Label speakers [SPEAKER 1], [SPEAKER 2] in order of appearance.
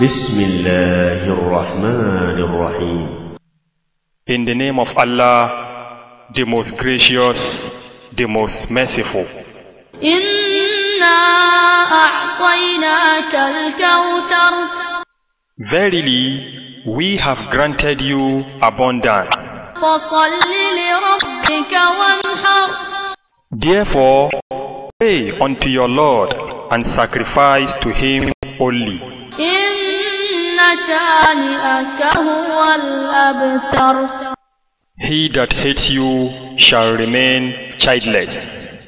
[SPEAKER 1] بسم الله الرحمن الرحيم In the name of Allah, the most gracious, the most merciful. Verily, we have granted you abundance. Therefore, pray unto your Lord and sacrifice to him
[SPEAKER 2] only.
[SPEAKER 1] He that hates you shall remain childless.